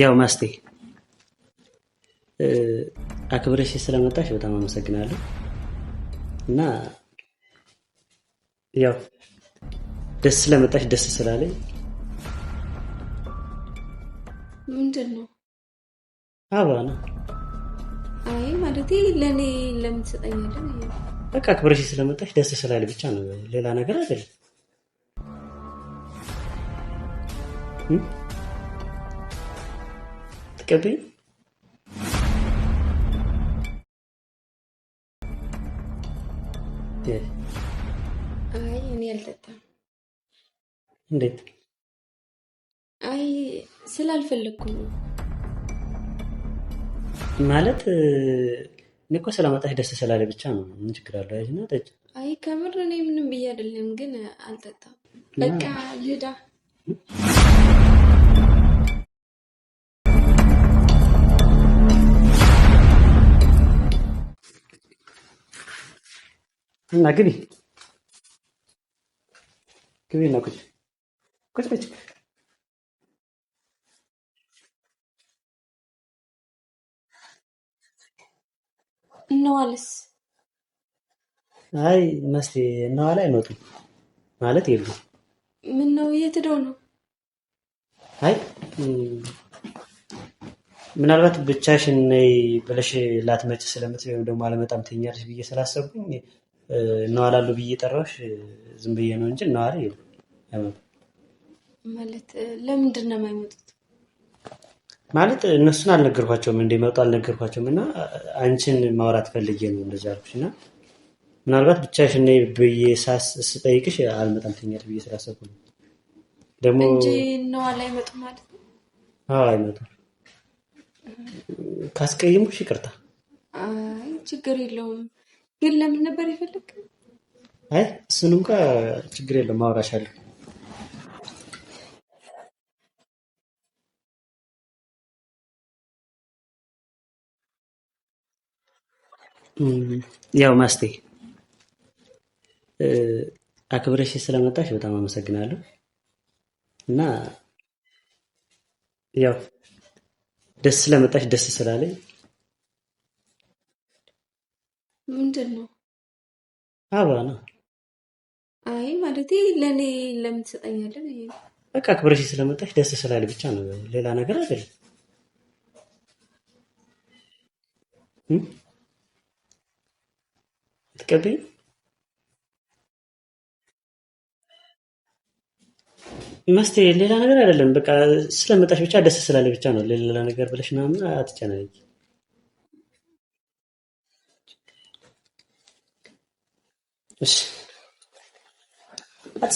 ያው ማስቴ አክብረሽ ስለመጣሽ በጣም አመሰግናለሁ እና ያው ደስ ስለመጣሽ ደስ ስላለኝ ምንድን ነው አባ ነው። አይ ማለት ለእኔ ለምን ትሰጠኛለህ? በቃ አክብረሽ ስለመጣሽ ደስ ስላለኝ ብቻ ነው፣ ሌላ ነገር አይደለም። Gabby? አይ እኔ አልጠጣም። እንዴት? አይ ስላልፈለግኩ ነው። ማለት እኔ እኮ ስለመጣሽ ደስ ስላለ ብቻ ነው። ምን ችግር አለው? አይና ጠጭ። አይ ከምር እኔ ምንም ብዬ አይደለም፣ ግን አልጠጣም። በቃ ልዳ እና ግቢ ግቢ እና ቁጭ ቁጭ ቁጭ እነዋልስ? አይ መስቴ እነዋል አይመጡም ማለት የሉ። ምን ነው እየትደው ነው? አይ ምናልባት ብቻሽን ነይ ብለሽ ላትመጭ ስለምት ወይም ደግሞ አለመጣም ትኛለሽ ብዬ ስላሰብኩኝ እነዋላሉ ብዬ ጠራሁሽ ዝም ብዬ ነው እንጂ እነዋሪ ማለት ለምንድን ነው የማይመጡት? ማለት እነሱን አልነገርኳቸውም፣ እንዲመጡ አልነገርኳቸውም። እና አንቺን ማውራት ፈልጌ ነው እንደዛ አልኩሽ። እና ምናልባት ብቻሽ ነይ ብዬ ስጠይቅሽ አልመጣም ትይኛለሽ ብዬ ስላሰብኩ ነው ደግሞ እንጂ እነዋላ አይመጡም ማለት ነው። አዎ አይመጡ። ካስቀየምኩሽ ይቅርታ። ችግር የለውም። ግን ለምን ነበር የፈለግ? አይ እሱን እንኳ ችግር የለም አወራሻለሁ። ያው ማስቴ አክብረሽ ስለመጣሽ በጣም አመሰግናለሁ እና ያው ደስ ስለመጣሽ ደስ ስላለኝ ምንድን ነው? አበባ አይ ማለት ለእኔ ለምን ትሰጠኛለህ? በቃ አክብረሽ ስለመጣሽ ደስ ስላለ ብቻ ነው፣ ሌላ ነገር አይደለም። ትቀበኝ መስቴ ሌላ ነገር አይደለም። በቃ ስለመጣሽ ብቻ ደስ ስላለ ብቻ ነው፣ ሌላ ነገር ብለሽ ምናምን አትጨናነቂ። That's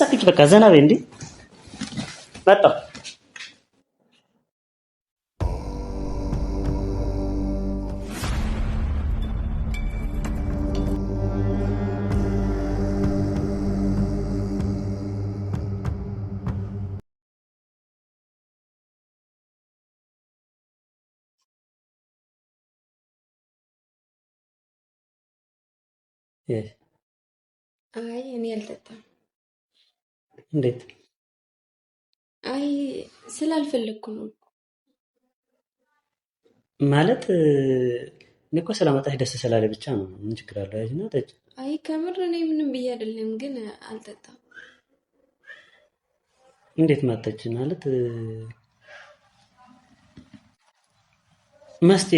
a bit of a cousin of Indy. Better. Yeah. አይ እኔ አልጠጣም። እንዴት? አይ ስላልፈለግኩ ነው ማለት እኔ እኮ ስላመጣሽ ደስ ስላለ ብቻ ነው። ምን ችግር አለ? አይና ጠጭ። አይ ከምር እኔ ምንም ብዬ አይደለም፣ ግን አልጠጣም። እንዴት ማጠጭ ማለት መስቴ?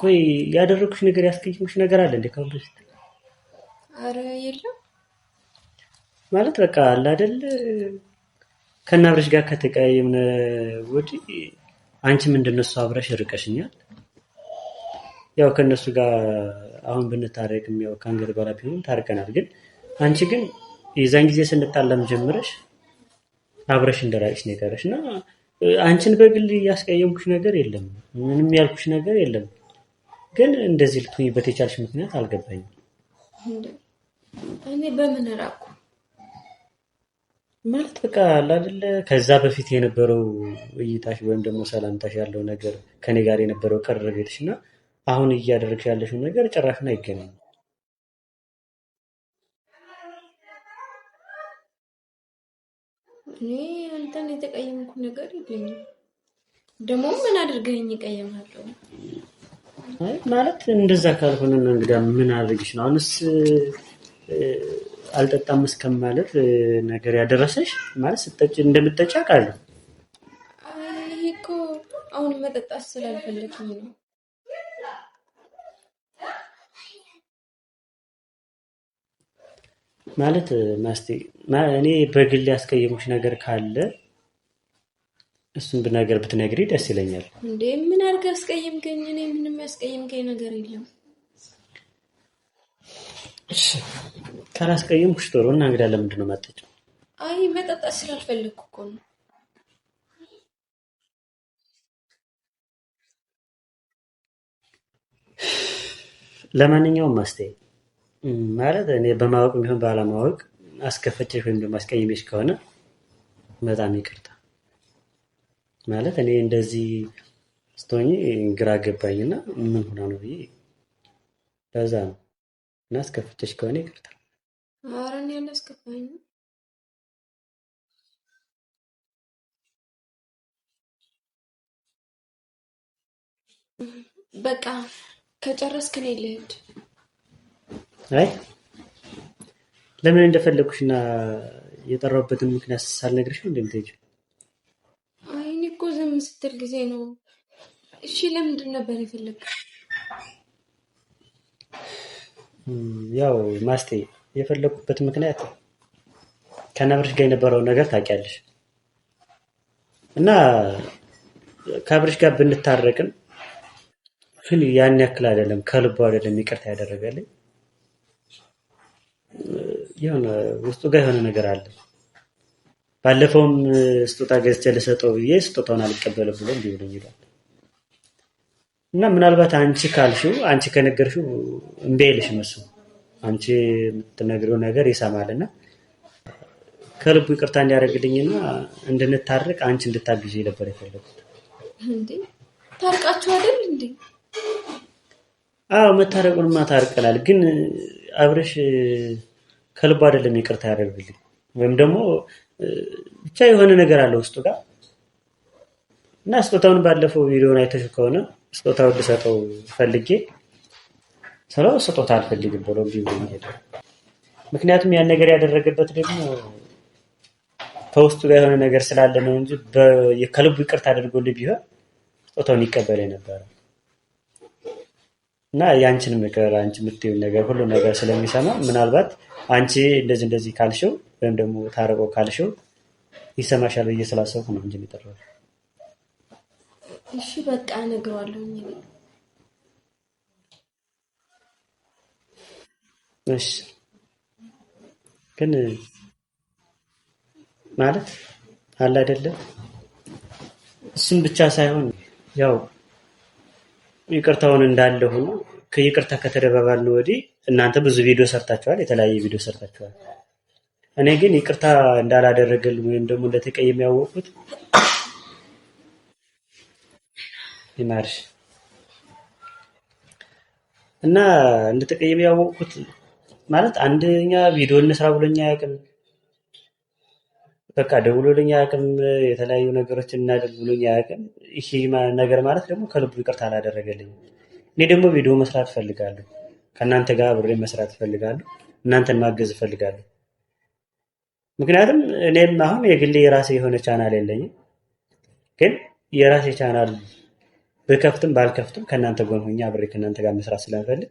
ቆይ ያደረግኩሽ ነገር ያስቀየምኩሽ ነገር አለ እንዴ ከአሁን በፊት? አረ የለም ማለት በቃ አለ አይደል ከናብረሽ ጋር ከተቀያየምን ወዲህ አንቺ እንደነሱ አብረሽ ርቀሽኛል። ያው ከነሱ ጋር አሁን ብንታረቅም ያው ከአንገት በኋላ ቢሆንም ታርቀናል። ግን አንቺ ግን የዛን ጊዜ ስንጣለም ጀምረሽ አብረሽ እንደራቅሽ ነው የቀረሽ እና አንቺን በግል ያስቀየምኩሽ ነገር የለም፣ ምንም ያልኩሽ ነገር የለም። ግን እንደዚህ ልትሆኝበት የቻልሽ ምክንያት አልገባኝም። እኔ በምን ራቁ ማለት በቃ አላደለ ከዛ በፊት የነበረው እይታሽ ወይም ደግሞ ሰላምታሽ ያለው ነገር ከኔ ጋር የነበረው ቤትሽ እና አሁን እያደረግሽ ያለሽው ነገር ጭራሽን አይገናኝም። እኔ አንተን የተቀየምኩ ነገር የለኝም። ደግሞ ምን አድርገኝ ይቀየማለሁ? ማለት እንደዛ ካልሆነ እንግዳ ምን አድርግሽ ነው አሁንስ አልጠጣም እስከ ማለት ነገር ያደረሰሽ ማለት ስጠጭ እንደምጠጭ አውቃለሁ። ይሄ እኮ አሁን መጠጣት ስላልፈለግኝ ነው። ማለት ማስቴ እኔ በግል ያስቀየሙሽ ነገር ካለ እሱን ብነገር ብትነግሪ ደስ ይለኛል። እንዴ ምን አድርገህ አስቀየምከኝ? እኔ ምንም ያስቀየምከኝ ነገር የለም። እሺ ካላስቀየምኩሽ ጥሩ እና እንግዳ ለምንድን ነው መጠጭ? አይ መጠጣት ስላልፈለግኩ እኮ ነው። ለማንኛውም ማስተያየት ማለት እኔ በማወቅ ቢሆን ባለማወቅ አስከፈጨሽ ወይም ደግሞ አስቀይሜሽ ከሆነ በጣም ይቅርታ ማለት እኔ እንደዚህ ስትሆኝ ግራ ገባኝና ምን ሆና ነው ብዬ በዛ ነው እና አስከፈጨሽ ከሆነ ይቅርታ ኧረ እኔ አላስከፋኝም። በቃ ከጨረስክ እኔ ልሄድ። አይ ለምን እንደፈለግኩሽና የጠራሁበትን ምክንያት ሳልነግርሽ ነው እንደምትሄጂው? አይ እኔ እኮ ዝም ስትል ጊዜ ነው። እሺ ለምንድን ነበር የፈለግሽ? ያው ማስቴ የፈለኩበት ምክንያት ከአብርሽ ጋር የነበረውን ነገር ታውቂያለሽ እና ከብርሽ ጋር ብንታረቅን ግን ያን ያክል አይደለም፣ ከልቡ አይደለም ይቅርታ ያደረገልኝ። የሆነ ውስጡ ጋር የሆነ ነገር አለ። ባለፈውም ስጦታ ገዝቼ ልሰጠው ብዬ ስጦታውን አልቀበልም ብሎ እንዲሁ ነው ይላል እና ምናልባት አንቺ ካልሽው አንቺ ከነገርሽው እምቢ አይልሽም እሱ አንቺ የምትነግሪው ነገር ይሰማልና ከልቡ ይቅርታ እንዲያደርግልኝና እንድንታርቅ አንቺ እንድታግዥ ነበር የፈለጉት። ታርቃችሁ አይደል እንዴ? አዎ መታረቁንማ ታርቀናል። ግን አብረሽ ከልቡ አይደለም ይቅርታ ያደርግልኝ ወይም ደግሞ ብቻ የሆነ ነገር አለ ውስጡ ጋር እና ስጦታውን ባለፈው ቪዲዮን አይተሽ ከሆነ ስጦታውን ልሰጠው ፈልጌ ስለው ስጦታ አልፈልግም ብሎ ሄደ። ምክንያቱም ያን ነገር ያደረገበት ደግሞ ከውስጡ ጋር የሆነ ነገር ስላለ ነው እንጂ ከልቡ ይቅርታ አድርጎልህ ቢሆን ስጦታውን ይቀበል ነበረ። እና የአንቺን ምክር አንቺ የምትይውን ነገር ሁሉ ነገር ስለሚሰማ ምናልባት አንቺ እንደዚህ እንደዚህ ካልሽው ወይም ደግሞ ታርቆ ካልሽው ይሰማሻል ብዬ ስላሰብኩ ነው እንጂ የሚጠራው። እሺ በቃ እነግረዋለሁ። እሺ ግን ማለት አለ አይደለም እሱም ብቻ ሳይሆን ያው ይቅርታውን እንዳለ ሆኖ ከይቅርታ ነው ወዲህ እናንተ ብዙ ቪዲዮ ሰርታችኋል፣ የተለያየ ቪዲዮ ሰርታችኋል። እኔ ግን ይቅርታ እንዳላደረገልን ወይም ደግሞ እንደተቀየም ያወቅሁት ይማርሽ እና እንደተቀየም ያወቅሁት ማለት አንደኛ ቪዲዮ እንስራ ብሎኛ ያቅም በቃ ደውሎልኝ አያውቅም። የተለያዩ ነገሮችን እናድርግ ብሎኝ አያውቅም። ይሄ ነገር ማለት ደግሞ ከልቡ ይቅርታ አላደረገልኝ። እኔ ደግሞ ቪዲዮ መስራት እፈልጋለሁ። ከእናንተ ጋር አብሬ መስራት እፈልጋለሁ። እናንተን ማገዝ እፈልጋለሁ። ምክንያቱም እኔም አሁን የግሌ የራሴ የሆነ ቻናል የለኝም፣ ግን የራሴ ቻናል ብከፍትም ባልከፍትም ከእናንተ ጎን ሆኜ አብሬ ከእናንተ ጋር መስራት ስለምፈልግ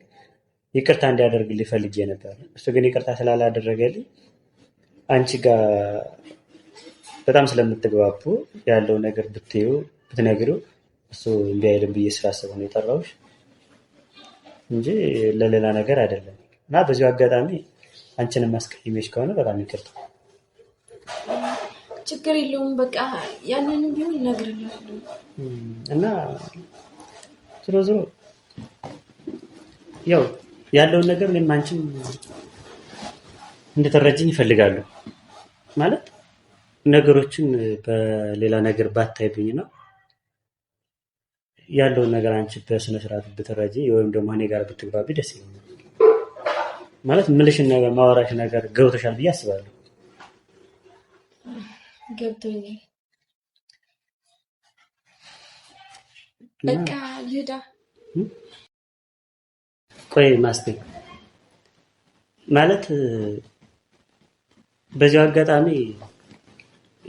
ይቅርታ እንዲያደርግ ሊፈልግ ነበር። እሱ ግን ይቅርታ ስላላደረገልኝ አንቺ ጋር በጣም ስለምትግባቡ ያለው ነገር ብትዩ ብትነግሪው እሱ እምቢ አይልም ብዬ ስላሰብኩ ነው የጠራሁሽ እንጂ ለሌላ ነገር አይደለም። እና በዚሁ አጋጣሚ አንቺንም አስቀይሜሽ ከሆነ በጣም ይቅርታ። ችግር የለውም በቃ ያንን ቢሆን እነግርልሃለሁ። እና ዝሮ ዝሮ ያው ያለውን ነገር እኔም አንቺም እንድትረጅኝ ይፈልጋሉ። ማለት ነገሮችን በሌላ ነገር ባታይብኝ ነው ያለውን ነገር አንቺ በስነ ስርዓት ብትረጅኝ ወይም ደግሞ እኔ ጋር ብትግባቢ ደስ ይለኛል። ማለት ምልሽን ነገር ማወራሽ ነገር ገብቶሻል ብዬ አስባለሁ። ገብቶኛል። በቃ ልሂድ ቆይ ማስተኝ ማለት በዚያው አጋጣሚ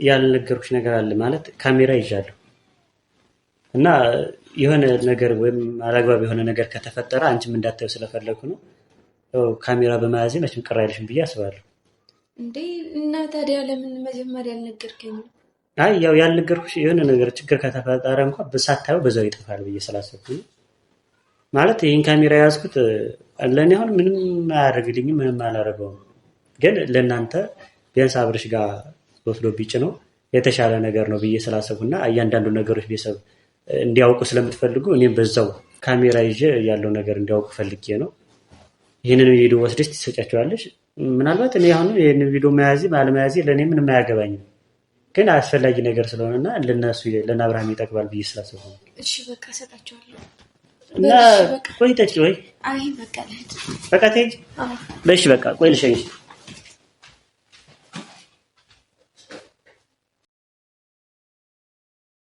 ያልነገርኩሽ ነገር አለ። ማለት ካሜራ ይዣለሁ እና የሆነ ነገር ወይም አላግባብ የሆነ ነገር ከተፈጠረ አንቺም እንዳታዩ ስለፈለኩ ነው። ያው ካሜራ በመያዜ መቼም ቅር አይልሽም ብዬ አስባለሁ። እንዴ እና ታዲያ ለምን መጀመር ያልነገርከኝ? አይ ያው ያልነገርኩሽ የሆነ ነገር ችግር ከተፈጠረ እንኳን ሳታየው በዛው ይጠፋል ብዬ ስላሰብኩ ነው። ማለት ይህን ካሜራ የያዝኩት ለእኔ አሁን ምንም አያደርግልኝም፣ ምንም አላደረገውም። ግን ለእናንተ ቢያንስ አብርሽ ጋር ወስዶ ቢጭ ነው የተሻለ ነገር ነው ብዬ ስላሰቡና እያንዳንዱ ነገሮች ቤተሰብ እንዲያውቁ ስለምትፈልጉ እኔም በዛው ካሜራ ይዤ ያለው ነገር እንዲያውቁ ፈልጌ ነው። ይህንን ቪዲዮ ወስደሽ ትሰጫቸዋለሽ። ምናልባት እኔ አሁን ይህን ቪዲዮ መያዜ አለመያዜ ለእኔ ምንም አያገባኝም፣ ግን አስፈላጊ ነገር ስለሆነና ለእነሱ ለእነ አብርሃም ይጠቅማል ብዬ ስላሰቡ ነው። እሺ በቃ እሰጣቸዋለሁ። እና ቆይ ጠጪ ወይ? አይ በቃ ለእህት በቃ ትሄጂ? በቃ ቆይ ልሸኝሽ።